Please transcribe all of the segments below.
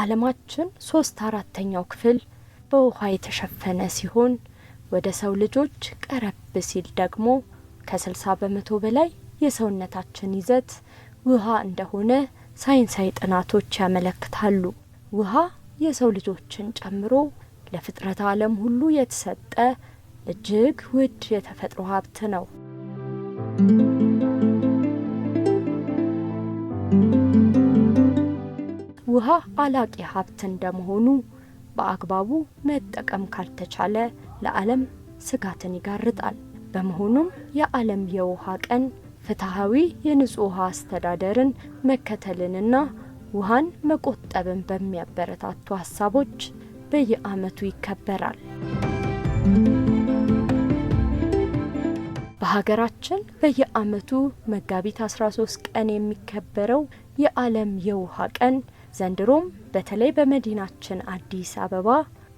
የዓለማችን ሶስት አራተኛው ክፍል በውኃ የተሸፈነ ሲሆን ወደ ሰው ልጆች ቀረብ ሲል ደግሞ ከ60 በመቶ በላይ የሰውነታችን ይዘት ውሃ እንደሆነ ሳይንሳዊ ጥናቶች ያመለክታሉ። ውሃ የሰው ልጆችን ጨምሮ ለፍጥረት ዓለም ሁሉ የተሰጠ እጅግ ውድ የተፈጥሮ ሀብት ነው። ውሃ አላቂ ሀብት እንደመሆኑ በአግባቡ መጠቀም ካልተቻለ ለዓለም ስጋትን ይጋርጣል። በመሆኑም የዓለም የውሃ ቀን ፍትሐዊ የንጹህ ውሃ አስተዳደርን መከተልንና ውሃን መቆጠብን በሚያበረታቱ ሀሳቦች በየዓመቱ ይከበራል። በሀገራችን በየዓመቱ መጋቢት 13 ቀን የሚከበረው የዓለም የውሃ ቀን ዘንድሮም በተለይ በመዲናችን አዲስ አበባ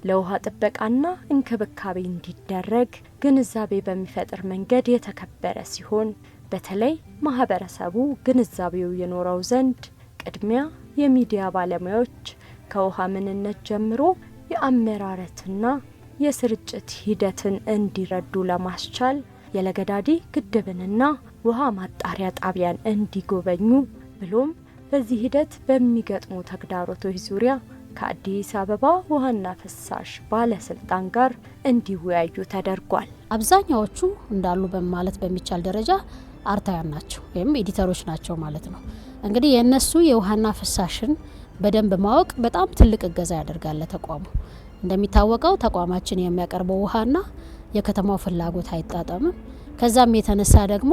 ለውሃ ጥበቃና እንክብካቤ እንዲደረግ ግንዛቤ በሚፈጥር መንገድ የተከበረ ሲሆን በተለይ ማህበረሰቡ ግንዛቤው የኖረው ዘንድ ቅድሚያ የሚዲያ ባለሙያዎች ከውሃ ምንነት ጀምሮ የአመራረትና የስርጭት ሂደትን እንዲረዱ ለማስቻል የለገዳዲ ግድብንና ውሃ ማጣሪያ ጣቢያን እንዲጎበኙ ብሎም በዚህ ሂደት በሚገጥሙ ተግዳሮቶች ዙሪያ ከአዲስ አበባ ውሃና ፍሳሽ ባለስልጣን ጋር እንዲወያዩ ተደርጓል። አብዛኛዎቹ እንዳሉ ማለት በሚቻል ደረጃ አርታያን ናቸው ወይም ኤዲተሮች ናቸው ማለት ነው። እንግዲህ የእነሱ የውሃና ፍሳሽን በደንብ ማወቅ በጣም ትልቅ እገዛ ያደርጋል ለተቋሙ። እንደሚታወቀው ተቋማችን የሚያቀርበው ውሃና የከተማው ፍላጎት አይጣጠምም። ከዛም የተነሳ ደግሞ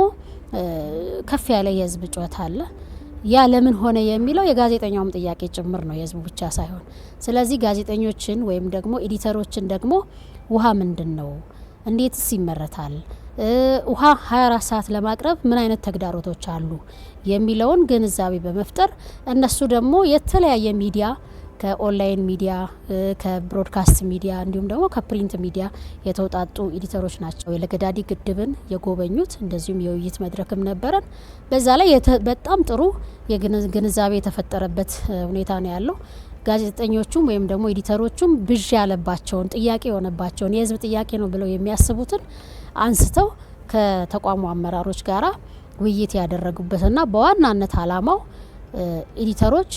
ከፍ ያለ የህዝብ ጩኸት አለ። ያ ለምን ሆነ የሚለው የጋዜጠኛውም ጥያቄ ጭምር ነው፣ የህዝቡ ብቻ ሳይሆን። ስለዚህ ጋዜጠኞችን ወይም ደግሞ ኤዲተሮችን ደግሞ ውሃ ምንድን ነው? እንዴትስ ይመረታል? ውሃ 24 ሰዓት ለማቅረብ ምን አይነት ተግዳሮቶች አሉ የሚለውን ግንዛቤ በመፍጠር እነሱ ደግሞ የተለያየ ሚዲያ ከኦንላይን ሚዲያ፣ ከብሮድካስት ሚዲያ እንዲሁም ደግሞ ከፕሪንት ሚዲያ የተውጣጡ ኤዲተሮች ናቸው ለገዳዲ ግድብን የጎበኙት። እንደዚሁም የውይይት መድረክም ነበረን። በዛ ላይ በጣም ጥሩ የግንዛቤ የተፈጠረበት ሁኔታ ነው ያለው። ጋዜጠኞቹም ወይም ደግሞ ኤዲተሮቹም ብዥ ያለባቸውን ጥያቄ የሆነባቸውን የህዝብ ጥያቄ ነው ብለው የሚያስቡትን አንስተው ከተቋሙ አመራሮች ጋራ ውይይት ያደረጉበትና በዋናነት አላማው ኤዲተሮች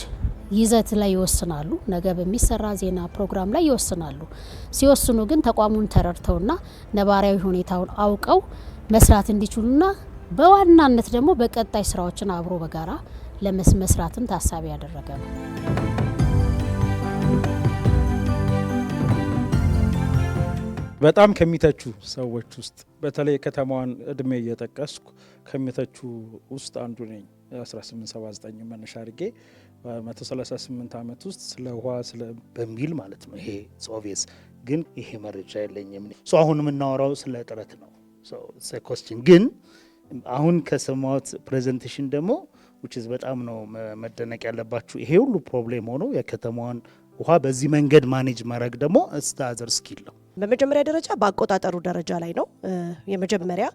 ይዘት ላይ ይወስናሉ። ነገ በሚሰራ ዜና ፕሮግራም ላይ ይወስናሉ። ሲወስኑ ግን ተቋሙን ተረድተውና ነባራዊ ሁኔታውን አውቀው መስራት እንዲችሉና በዋናነት ደግሞ በቀጣይ ስራዎችን አብሮ በጋራ ለመስራትም ታሳቢ ያደረገ ነው። በጣም ከሚተቹ ሰዎች ውስጥ በተለይ ከተማዋን እድሜ እየጠቀስኩ ከሚተቹ ውስጥ አንዱ ነኝ። 1879 መነሻ አድርጌ በ138 ዓመት ውስጥ ስለ ውሃ በሚል ማለት ነው። ይሄ ኦቪየስ ግን ይሄ መረጃ የለኝም። አሁን የምናወራው ስለ እጥረት ነው። ኮስችን ግን አሁን ከሰማሁት ፕሬዘንቴሽን ደግሞ ውችዝ በጣም ነው መደነቅ ያለባችሁ። ይሄ ሁሉ ፕሮብሌም ሆኖ የከተማዋን ውሃ በዚህ መንገድ ማኔጅ ማድረግ ደግሞ እስተ አዘር ስኪል ነው። በመጀመሪያ ደረጃ በአቆጣጠሩ ደረጃ ላይ ነው። የመጀመሪያ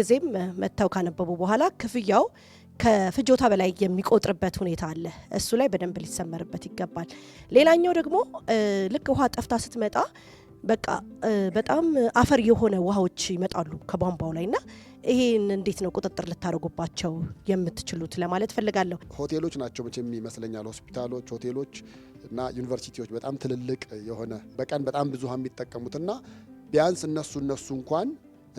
ጊዜም መጥተው ካነበቡ በኋላ ክፍያው ከፍጆታ በላይ የሚቆጥርበት ሁኔታ አለ። እሱ ላይ በደንብ ሊሰመርበት ይገባል። ሌላኛው ደግሞ ልክ ውሃ ጠፍታ ስትመጣ በቃ በጣም አፈር የሆነ ውሃዎች ይመጣሉ ከቧንቧው ላይ እና ይህን እንዴት ነው ቁጥጥር ልታደርጉባቸው የምትችሉት ለማለት ፈልጋለሁ። ሆቴሎች ናቸው መቼም ይመስለኛል፣ ሆስፒታሎች፣ ሆቴሎች እና ዩኒቨርሲቲዎች በጣም ትልልቅ የሆነ በቀን በጣም ብዙ ውሃ የሚጠቀሙትና ቢያንስ እነሱ እነሱ እንኳን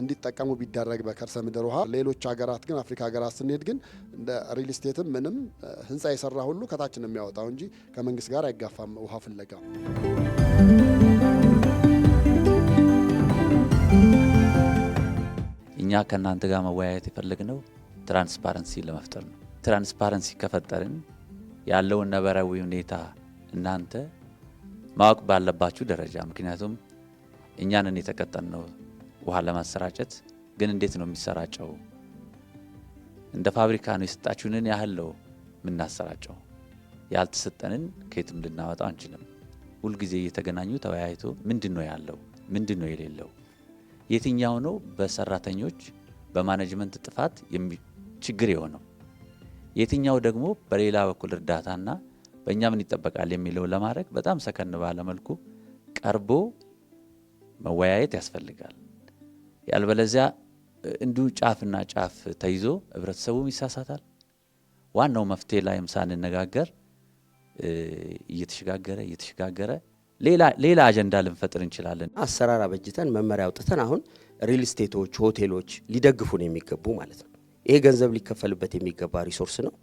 እንዲጠቀሙ ቢደረግ በከርሰ ምድር ውሃ። ሌሎች ሀገራት ግን አፍሪካ ሀገራት ስንሄድ ግን እንደ ሪል ስቴትም ምንም ህንፃ የሰራ ሁሉ ከታች ነው የሚያወጣው እንጂ ከመንግስት ጋር አይጋፋም ውሃ ፍለጋ። እኛ ከእናንተ ጋር መወያየት የፈለግነው ትራንስፓረንሲ ለመፍጠር ነው። ትራንስፓረንሲ ከፈጠርን ያለውን ነበራዊ ሁኔታ እናንተ ማወቅ ባለባችሁ ደረጃ ምክንያቱም እኛንን የተቀጠን ነው ውሃ ለማሰራጨት ግን እንዴት ነው የሚሰራጨው? እንደ ፋብሪካ ነው የሰጣችሁንን ያህል ነው የምናሰራጨው። ያልተሰጠንን ከየትም ልናወጣው አንችልም። ሁልጊዜ እየተገናኙ ተወያይቶ ምንድን ነው ያለው፣ ምንድን ነው የሌለው፣ የትኛው ነው በሰራተኞች በማኔጅመንት ጥፋት ችግር የሆነው፣ የትኛው ደግሞ በሌላ በኩል እርዳታና በእኛ ምን ይጠበቃል የሚለው ለማድረግ በጣም ሰከን ባለ መልኩ ቀርቦ መወያየት ያስፈልጋል። ያልበለዚያ እንዲሁ ጫፍና ጫፍ ተይዞ ህብረተሰቡም ይሳሳታል። ዋናው መፍትሄ ላይም ሳንነጋገር እየተሸጋገረ እየተሸጋገረ ሌላ አጀንዳ ልንፈጥር እንችላለን። አሰራር አበጅተን መመሪያ አውጥተን አሁን ሪል ስቴቶች፣ ሆቴሎች ሊደግፉን የሚገቡ ማለት ነው። ይሄ ገንዘብ ሊከፈልበት የሚገባ ሪሶርስ ነው።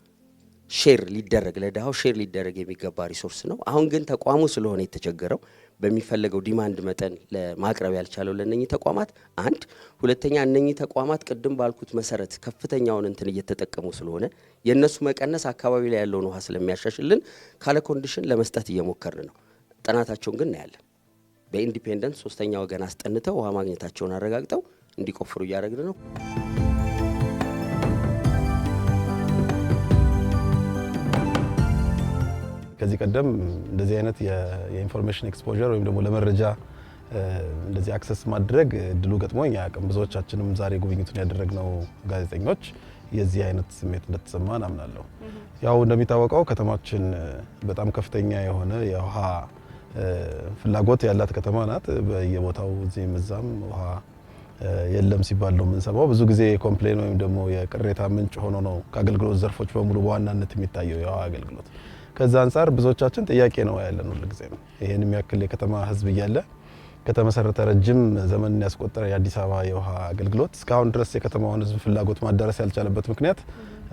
ሼር ሊደረግ ለድሃው ሼር ሊደረግ የሚገባ ሪሶርስ ነው። አሁን ግን ተቋሙ ስለሆነ የተቸገረው በሚፈለገው ዲማንድ መጠን ለማቅረብ ያልቻለው ለእነኚህ ተቋማት አንድ፣ ሁለተኛ እነኚህ ተቋማት ቅድም ባልኩት መሰረት ከፍተኛውን እንትን እየተጠቀሙ ስለሆነ የእነሱ መቀነስ አካባቢ ላይ ያለውን ውሃ ስለሚያሻሽልን ካለ ኮንዲሽን ለመስጠት እየሞከርን ነው። ጥናታቸውን ግን እናያለን። በኢንዲፔንደንት ሶስተኛ ወገን አስጠንተው ውሃ ማግኘታቸውን አረጋግጠው እንዲቆፍሩ እያደረግን ነው። ከዚህ ቀደም እንደዚህ አይነት የኢንፎርሜሽን ኤክስፖዠር ወይም ደግሞ ለመረጃ እንደዚህ አክሰስ ማድረግ እድሉ ገጥሞኝ አያውቅም። ብዙዎቻችንም ዛሬ ጉብኝቱን ያደረግነው ጋዜጠኞች የዚህ አይነት ስሜት እንደተሰማ ናምናለሁ ያው እንደሚታወቀው ከተማችን በጣም ከፍተኛ የሆነ የውሃ ፍላጎት ያላት ከተማ ናት። በየቦታው እዚህም እዛም ውሃ የለም ሲባል ነው የምንሰማው። ብዙ ጊዜ ኮምፕሌን ወይም ደግሞ የቅሬታ ምንጭ ሆኖ ነው ከአገልግሎት ዘርፎች በሙሉ በዋናነት የሚታየው የውሃ አገልግሎት ከዛ አንጻር ብዙዎቻችን ጥያቄ ነው ያለን ሁልጊዜ ነው። የሚያክል የከተማ ህዝብ እያለ ከተመሰረተ ረጅም ዘመን ያስቆጠረ የአዲስ አበባ የውሃ አገልግሎት እስካሁን ድረስ የከተማውን ህዝብ ፍላጎት ማዳረስ ያልቻለበት ምክንያት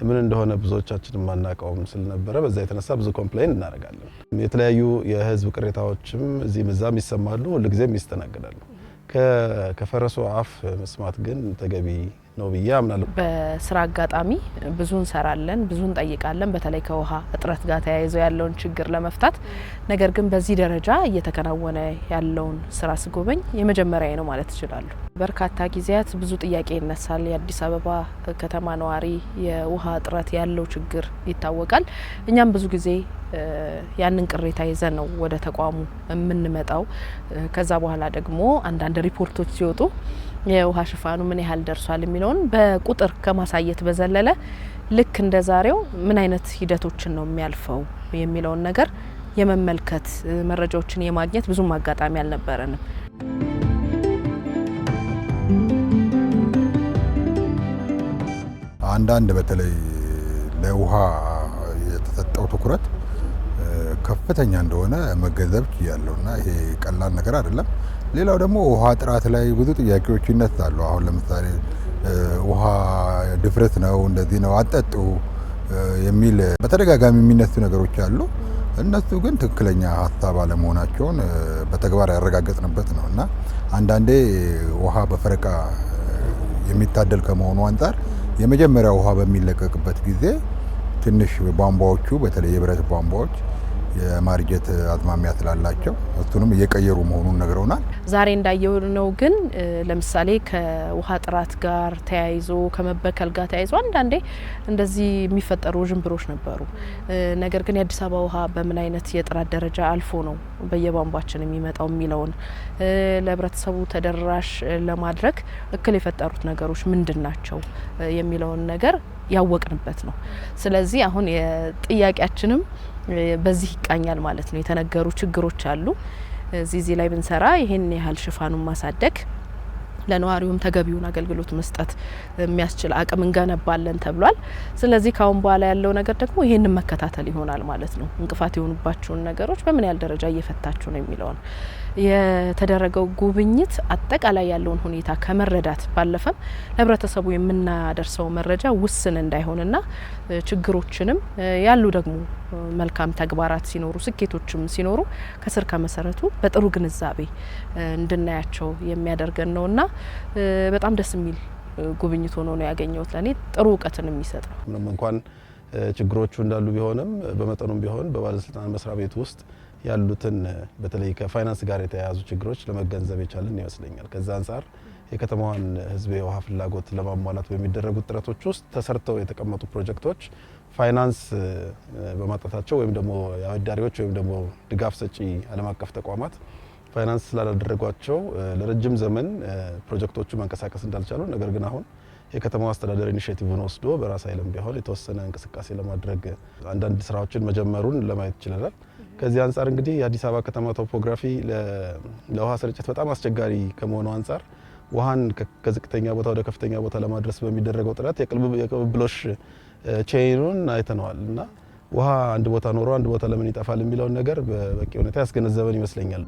ምን እንደሆነ ብዙዎቻችን ማናቀውም ስለነበረ በዛ የተነሳ ብዙ ኮምፕላይን እናደርጋለን። የተለያዩ የህዝብ ቅሬታዎችም እዚህም እዛም ይሰማሉ፣ ሁልጊዜም ይስተናገዳሉ። ከፈረሶ አፍ መስማት ግን ተገቢ ነው ብዬ አምናለሁ። በስራ አጋጣሚ ብዙ እንሰራለን፣ ብዙ እንጠይቃለን፣ በተለይ ከውሃ እጥረት ጋር ተያይዞ ያለውን ችግር ለመፍታት። ነገር ግን በዚህ ደረጃ እየተከናወነ ያለውን ስራ ስጎበኝ የመጀመሪያ ነው ማለት ይችላሉ። በርካታ ጊዜያት ብዙ ጥያቄ ይነሳል። የአዲስ አበባ ከተማ ነዋሪ የውሃ እጥረት ያለው ችግር ይታወቃል። እኛም ብዙ ጊዜ ያንን ቅሬታ ይዘን ነው ወደ ተቋሙ የምንመጣው። ከዛ በኋላ ደግሞ አንዳንድ ሪፖርቶች ሲወጡ የውሃ ሽፋኑ ምን ያህል ደርሷል የሚለውን በቁጥር ከማሳየት በዘለለ ልክ እንደ ዛሬው ምን አይነት ሂደቶችን ነው የሚያልፈው የሚለውን ነገር የመመልከት መረጃዎችን የማግኘት ብዙም አጋጣሚ አልነበረንም። አንዳንድ በተለይ ለውሃ የተሰጠው ትኩረት ከፍተኛ እንደሆነ መገንዘብ ያለውና ይሄ ቀላል ነገር አይደለም። ሌላው ደግሞ ውሃ ጥራት ላይ ብዙ ጥያቄዎች ይነሳሉ። አሁን ለምሳሌ ውሃ ድፍረት ነው እንደዚህ ነው አጠጡ የሚል በተደጋጋሚ የሚነሱ ነገሮች አሉ። እነሱ ግን ትክክለኛ ሀሳብ አለመሆናቸውን በተግባር ያረጋገጥንበት ነው እና አንዳንዴ ውሃ በፈረቃ የሚታደል ከመሆኑ አንጻር የመጀመሪያ ውሃ በሚለቀቅበት ጊዜ ትንሽ ቧንቧዎቹ በተለይ የብረት ቧንቧዎች የማርጀት አዝማሚያ ስላላቸው እሱንም እየቀየሩ መሆኑን ነግረውናል። ዛሬ እንዳየው ነው ግን ለምሳሌ ከውሃ ጥራት ጋር ተያይዞ ከመበከል ጋር ተያይዞ አንዳንዴ እንደዚህ የሚፈጠሩ ዥንብሮች ነበሩ። ነገር ግን የአዲስ አበባ ውሃ በምን አይነት የጥራት ደረጃ አልፎ ነው በየቧንቧችን የሚመጣው የሚለውን ለህብረተሰቡ ተደራሽ ለማድረግ እክል የፈጠሩት ነገሮች ምንድን ናቸው የሚለውን ነገር ያወቅንበት ነው። ስለዚህ አሁን የጥያቄያችንም በዚህ ይቃኛል ማለት ነው። የተነገሩ ችግሮች አሉ። እዚህ እዚህ ላይ ብንሰራ ይህን ያህል ሽፋኑን ማሳደግ ለነዋሪውም ተገቢውን አገልግሎት መስጠት የሚያስችል አቅም እንገነባለን ተብሏል። ስለዚህ ካሁን በኋላ ያለው ነገር ደግሞ ይህንን መከታተል ይሆናል ማለት ነው። እንቅፋት የሆኑባችሁን ነገሮች በምን ያህል ደረጃ እየፈታችሁ ነው የሚለውን የተደረገው ጉብኝት አጠቃላይ ያለውን ሁኔታ ከመረዳት ባለፈም ለህብረተሰቡ የምናደርሰው መረጃ ውስን እንዳይሆንና ችግሮችንም ያሉ ደግሞ መልካም ተግባራት ሲኖሩ ስኬቶችም ሲኖሩ ከስር ከመሰረቱ በጥሩ ግንዛቤ እንድናያቸው የሚያደርገን ነውና በጣም ደስ የሚል ጉብኝት ሆኖ ነው ያገኘሁት። ለእኔ ጥሩ እውቀትን የሚሰጥ ነው። ምንም እንኳን ችግሮቹ እንዳሉ ቢሆንም በመጠኑም ቢሆን በባለስልጣን መስሪያ ቤት ውስጥ ያሉትን በተለይ ከፋይናንስ ጋር የተያያዙ ችግሮች ለመገንዘብ የቻለን ይመስለኛል። ከዛ አንጻር የከተማዋን ህዝብ የውሃ ፍላጎት ለማሟላት በሚደረጉ ጥረቶች ውስጥ ተሰርተው የተቀመጡ ፕሮጀክቶች ፋይናንስ በማጣታቸው ወይም ደግሞ የአበዳሪዎች ወይም ደግሞ ድጋፍ ሰጪ ዓለም አቀፍ ተቋማት ፋይናንስ ስላላደረጓቸው ለረጅም ዘመን ፕሮጀክቶቹ መንቀሳቀስ እንዳልቻሉ፣ ነገር ግን አሁን የከተማው አስተዳደር ኢኒሽቲቭን ወስዶ በራስ ኃይልም ቢሆን የተወሰነ እንቅስቃሴ ለማድረግ አንዳንድ ስራዎችን መጀመሩን ለማየት ይችላል። ከዚህ አንጻር እንግዲህ የአዲስ አበባ ከተማ ቶፖግራፊ ለውሃ ስርጭት በጣም አስቸጋሪ ከመሆኑ አንጻር ውሃን ከዝቅተኛ ቦታ ወደ ከፍተኛ ቦታ ለማድረስ በሚደረገው ጥረት የቅብብሎሽ ቼኑን አይተነዋል እና ውሃ አንድ ቦታ ኖሮ አንድ ቦታ ለምን ይጠፋል የሚለውን ነገር በበቂ ሁኔታ ያስገነዘበን ይመስለኛል።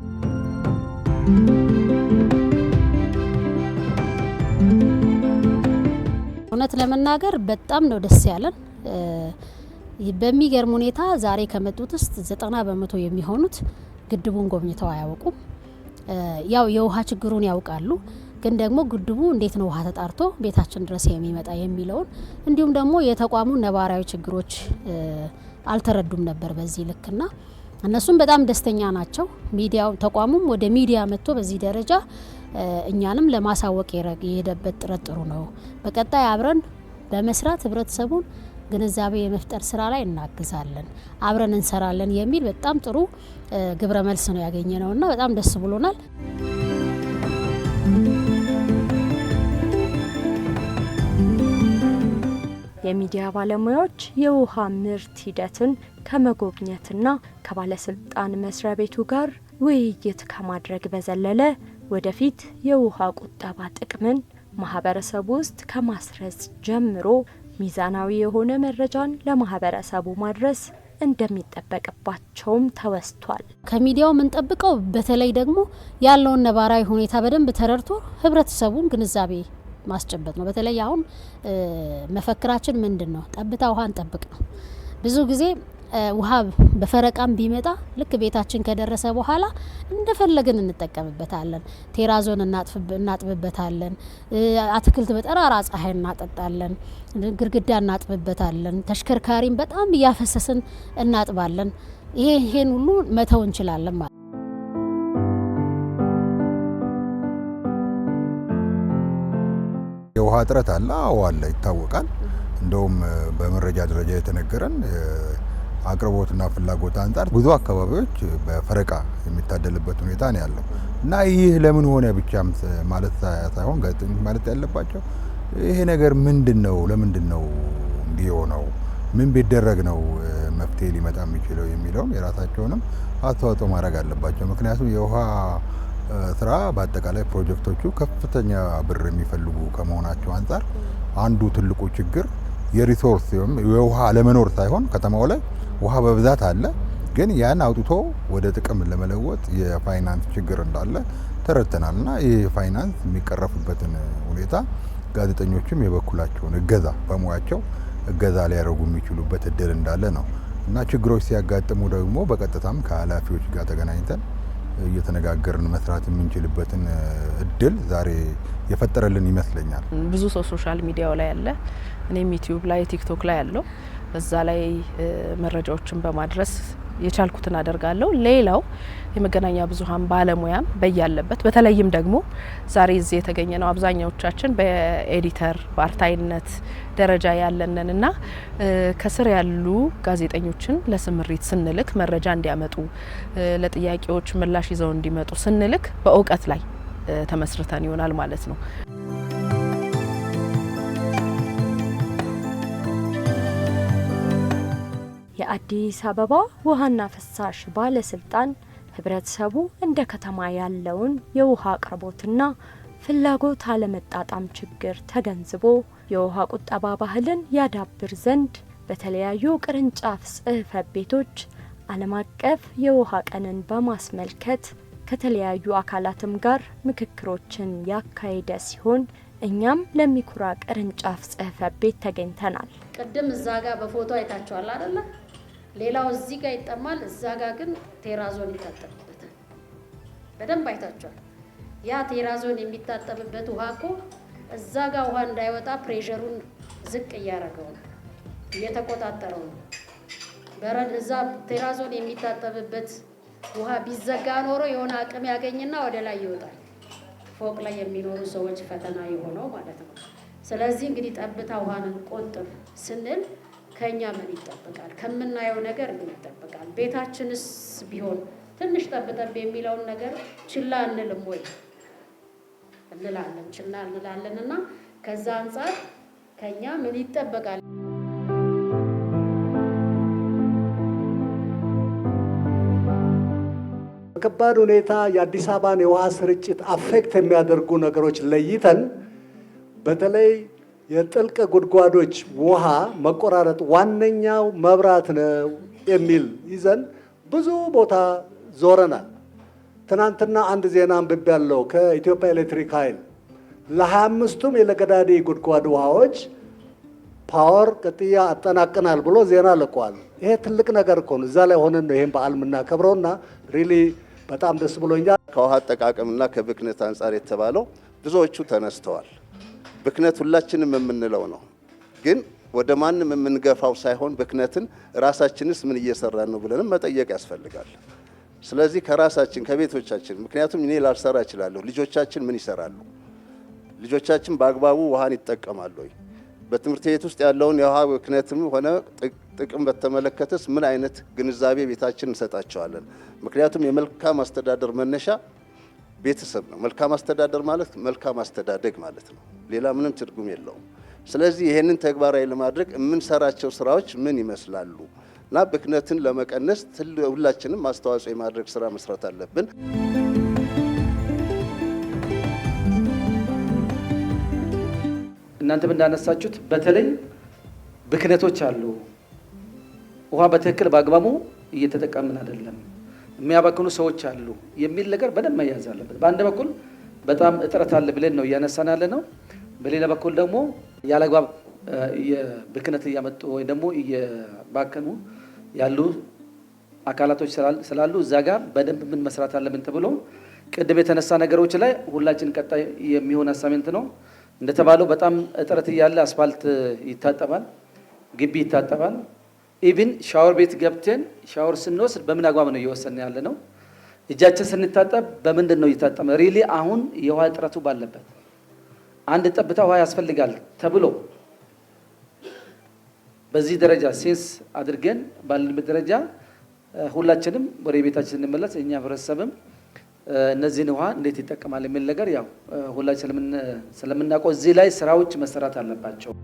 እውነት ለመናገር በጣም ነው ደስ ያለን። በሚገርም ሁኔታ ዛሬ ከመጡት ውስጥ ዘጠና በመቶ የሚሆኑት ግድቡን ጎብኝተው አያውቁም። ያው የውሃ ችግሩን ያውቃሉ፣ ግን ደግሞ ግድቡ እንዴት ነው ውሃ ተጣርቶ ቤታችን ድረስ የሚመጣ የሚለውን እንዲሁም ደግሞ የተቋሙ ነባራዊ ችግሮች አልተረዱም ነበር በዚህ ልክና እነሱም በጣም ደስተኛ ናቸው። ሚዲያው ተቋሙም ወደ ሚዲያ መጥቶ በዚህ ደረጃ እኛንም ለማሳወቅ የሄደበት ጥረት ጥሩ ነው። በቀጣይ አብረን በመስራት ህብረተሰቡን ግንዛቤ የመፍጠር ስራ ላይ እናግዛለን፣ አብረን እንሰራለን የሚል በጣም ጥሩ ግብረ መልስ ነው ያገኘ ነው እና በጣም ደስ ብሎናል። የሚዲያ ባለሙያዎች የውሃ ምርት ሂደትን ከመጎብኘትና ከባለስልጣን መስሪያ ቤቱ ጋር ውይይት ከማድረግ በዘለለ ወደፊት የውሃ ቁጠባ ጥቅምን ማህበረሰቡ ውስጥ ከማስረጽ ጀምሮ ሚዛናዊ የሆነ መረጃን ለማህበረሰቡ ማድረስ እንደሚጠበቅባቸውም ተወስቷል። ከሚዲያው የምንጠብቀው በተለይ ደግሞ ያለውን ነባራዊ ሁኔታ በደንብ ተረድቶ ህብረተሰቡን ግንዛቤ ማስጨበጥ ነው። በተለይ አሁን መፈክራችን ምንድን ነው? ጠብታ ውሃ እንጠብቅ ነው። ብዙ ጊዜ ውሃ በፈረቃም ቢመጣ ልክ ቤታችን ከደረሰ በኋላ እንደፈለግን እንጠቀምበታለን። ቴራዞን እናጥብበታለን። አትክልት በጠራራ ፀሐይ እናጠጣለን። ግርግዳ እናጥብበታለን። ተሽከርካሪም በጣም እያፈሰስን እናጥባለን። ይሄ ይሄን ሁሉ መተው እንችላለን ማለት የውሃ እጥረት አለ። አዎ አለ፣ ይታወቃል። እንደውም በመረጃ ደረጃ የተነገረን አቅርቦትና ፍላጎት አንጻር ብዙ አካባቢዎች በፈረቃ የሚታደልበት ሁኔታ ነው ያለው እና ይህ ለምን ሆነ ብቻም ማለት ሳይሆን ጋዜጠኞች ማለት ያለባቸው ይሄ ነገር ምንድን ነው? ለምንድን ነው ምን ቢደረግ ነው መፍትሄ ሊመጣ የሚችለው የሚለውም የራሳቸውንም አስተዋጽኦ ማድረግ አለባቸው። ምክንያቱም የውሃ ስራ በአጠቃላይ ፕሮጀክቶቹ ከፍተኛ ብር የሚፈልጉ ከመሆናቸው አንጻር አንዱ ትልቁ ችግር የሪሶርስ ወይም የውሃ አለመኖር ሳይሆን ከተማው ላይ ውሃ በብዛት አለ፣ ግን ያን አውጥቶ ወደ ጥቅም ለመለወጥ የፋይናንስ ችግር እንዳለ ተረድተናል እና ይህ ፋይናንስ የሚቀረፍበትን ሁኔታ ጋዜጠኞችም የበኩላቸውን እገዛ በሙያቸው እገዛ ሊያደርጉ የሚችሉበት እድል እንዳለ ነው እና ችግሮች ሲያጋጥሙ ደግሞ በቀጥታም ከኃላፊዎች ጋር ተገናኝተን እየተነጋገርን መስራት የምንችልበትን እድል ዛሬ የፈጠረልን ይመስለኛል። ብዙ ሰው ሶሻል ሚዲያው ላይ አለ። እኔም ዩቲዩብ ላይ ቲክቶክ ላይ አለው። እዛ ላይ መረጃዎችን በማድረስ የቻልኩትን አደርጋለሁ። ሌላው የመገናኛ ብዙኃን ባለሙያም በያለበት በተለይም ደግሞ ዛሬ እዚህ የተገኘ ነው አብዛኛዎቻችን በኤዲተር በአርታይነት ደረጃ ያለንን እና ከስር ያሉ ጋዜጠኞችን ለስምሪት ስንልክ መረጃ እንዲያመጡ ለጥያቄዎች ምላሽ ይዘው እንዲመጡ ስንልክ በእውቀት ላይ ተመስርተን ይሆናል ማለት ነው። የአዲስ አበባ ውሃና ፍሳሽ ባለስልጣን ህብረተሰቡ እንደ ከተማ ያለውን የውሃ አቅርቦትና ፍላጎት አለመጣጣም ችግር ተገንዝቦ የውሃ ቁጠባ ባህልን ያዳብር ዘንድ በተለያዩ ቅርንጫፍ ጽህፈት ቤቶች ዓለም አቀፍ የውሃ ቀንን በማስመልከት ከተለያዩ አካላትም ጋር ምክክሮችን ያካሄደ ሲሆን እኛም ለሚኩራ ቅርንጫፍ ጽህፈት ቤት ተገኝተናል። ቅድም እዛ ጋር በፎቶ አይታችኋል አይደለ? ሌላው እዚህ ጋር ይጠማል፣ እዛ ጋር ግን ቴራዞን ይታጠብበታል። በደንብ አይታችኋል። ያ ቴራዞን የሚታጠብበት ውሃ እኮ እዛ ጋር ውሃ እንዳይወጣ ፕሬሸሩን ዝቅ እያደረገው ነው፣ እየተቆጣጠረው ነው። በረን እዛ ቴራዞን የሚታጠብበት ውሃ ቢዘጋ ኖሮ የሆነ አቅም ያገኝና ወደ ላይ ይወጣል። ፎቅ ላይ የሚኖሩ ሰዎች ፈተና የሆነው ማለት ነው። ስለዚህ እንግዲህ ጠብታ ውሃን ቆጥብ ስንል ከእኛ ምን ይጠበቃል? ከምናየው ነገር ምን ይጠበቃል? ቤታችንስ ቢሆን ትንሽ ጠብጠብ የሚለውን ነገር ችላ እንልም ወይ እንላለን፣ ችላ እንላለን እና ከዛ አንጻር ከእኛ ምን ይጠበቃል? በከባድ ሁኔታ የአዲስ አበባን የውሃ ስርጭት አፌክት የሚያደርጉ ነገሮች ለይተን በተለይ የጥልቅ ጉድጓዶች ውሃ መቆራረጥ ዋነኛው መብራት ነው የሚል ይዘን ብዙ ቦታ ዞረናል። ትናንትና አንድ ዜና ያለው ከኢትዮጵያ ኤሌክትሪክ ኃይል ለሀአምስቱም አምስቱም የለገዳዴ ጉድጓድ ውሃዎች ፓወር ቅጥያ አጠናቅናል ብሎ ዜና ልቋል። ይሄ ትልቅ ነገር እኮ ነው። እዛ ላይ ሆነን ነው ይህም በዓል የምናከብረውና ሪሊ በጣም ደስ ብሎኛል። ከውሃ አጠቃቀምና ከብክነት አንጻር የተባለው ብዙዎቹ ተነስተዋል። ብክነት ሁላችንም የምንለው ነው፣ ግን ወደ ማንም የምንገፋው ሳይሆን ብክነትን ራሳችንስ ምን እየሰራን ነው ብለንም መጠየቅ ያስፈልጋል። ስለዚህ ከራሳችን ከቤቶቻችን፣ ምክንያቱም እኔ ላልሰራ እችላለሁ፣ ልጆቻችን ምን ይሰራሉ? ልጆቻችን በአግባቡ ውሃን ይጠቀማሉ ወይ? በትምህርት ቤት ውስጥ ያለውን የውሃ ብክነትም ሆነ ጥቅም በተመለከተስ ምን አይነት ግንዛቤ ቤታችን እንሰጣቸዋለን? ምክንያቱም የመልካም አስተዳደር መነሻ ቤተሰብ ነው። መልካም አስተዳደር ማለት መልካም አስተዳደግ ማለት ነው። ሌላ ምንም ትርጉም የለውም። ስለዚህ ይህንን ተግባራዊ ለማድረግ የምንሰራቸው ስራዎች ምን ይመስላሉ እና ብክነትን ለመቀነስ ሁላችንም አስተዋጽኦ የማድረግ ስራ መስራት አለብን። እናንተም እንዳነሳችሁት በተለይ ብክነቶች አሉ። ውሃ በትክክል በአግባቡ እየተጠቀምን አይደለም። የሚያባክኑ ሰዎች አሉ የሚል ነገር በደንብ መያዝ አለበት። በአንድ በኩል በጣም እጥረት አለ ብለን ነው እያነሳን ያለ ነው። በሌላ በኩል ደግሞ ያለአግባብ ብክነት እያመጡ ወይ ደግሞ እየባከኑ ያሉ አካላቶች ስላሉ እዛ ጋር በደንብ ምን መስራት አለብን ተብሎ ቅድም የተነሳ ነገሮች ላይ ሁላችን ቀጣይ የሚሆን አሳሜንት ነው። እንደተባለው በጣም እጥረት እያለ አስፋልት ይታጠባል፣ ግቢ ይታጠባል። ኢቭን ሻወር ቤት ገብተን ሻወር ስንወስድ በምን አግባብ ነው እየወሰን ያለ ነው? እጃችን ስንታጠብ በምንድን ነው እየታጠበ? ሪሊ አሁን የውሃ እጥረቱ ባለበት አንድ ጠብታ ውሃ ያስፈልጋል ተብሎ በዚህ ደረጃ ሴንስ አድርገን ባለንበት ደረጃ ሁላችንም ወደ ቤታችን ስንመለስ የእኛ ህብረተሰብም እነዚህን ውሃ እንዴት ይጠቀማል የሚል ነገር ያው ሁላችን ስለምናውቀው እዚህ ላይ ስራዎች መሰራት አለባቸው።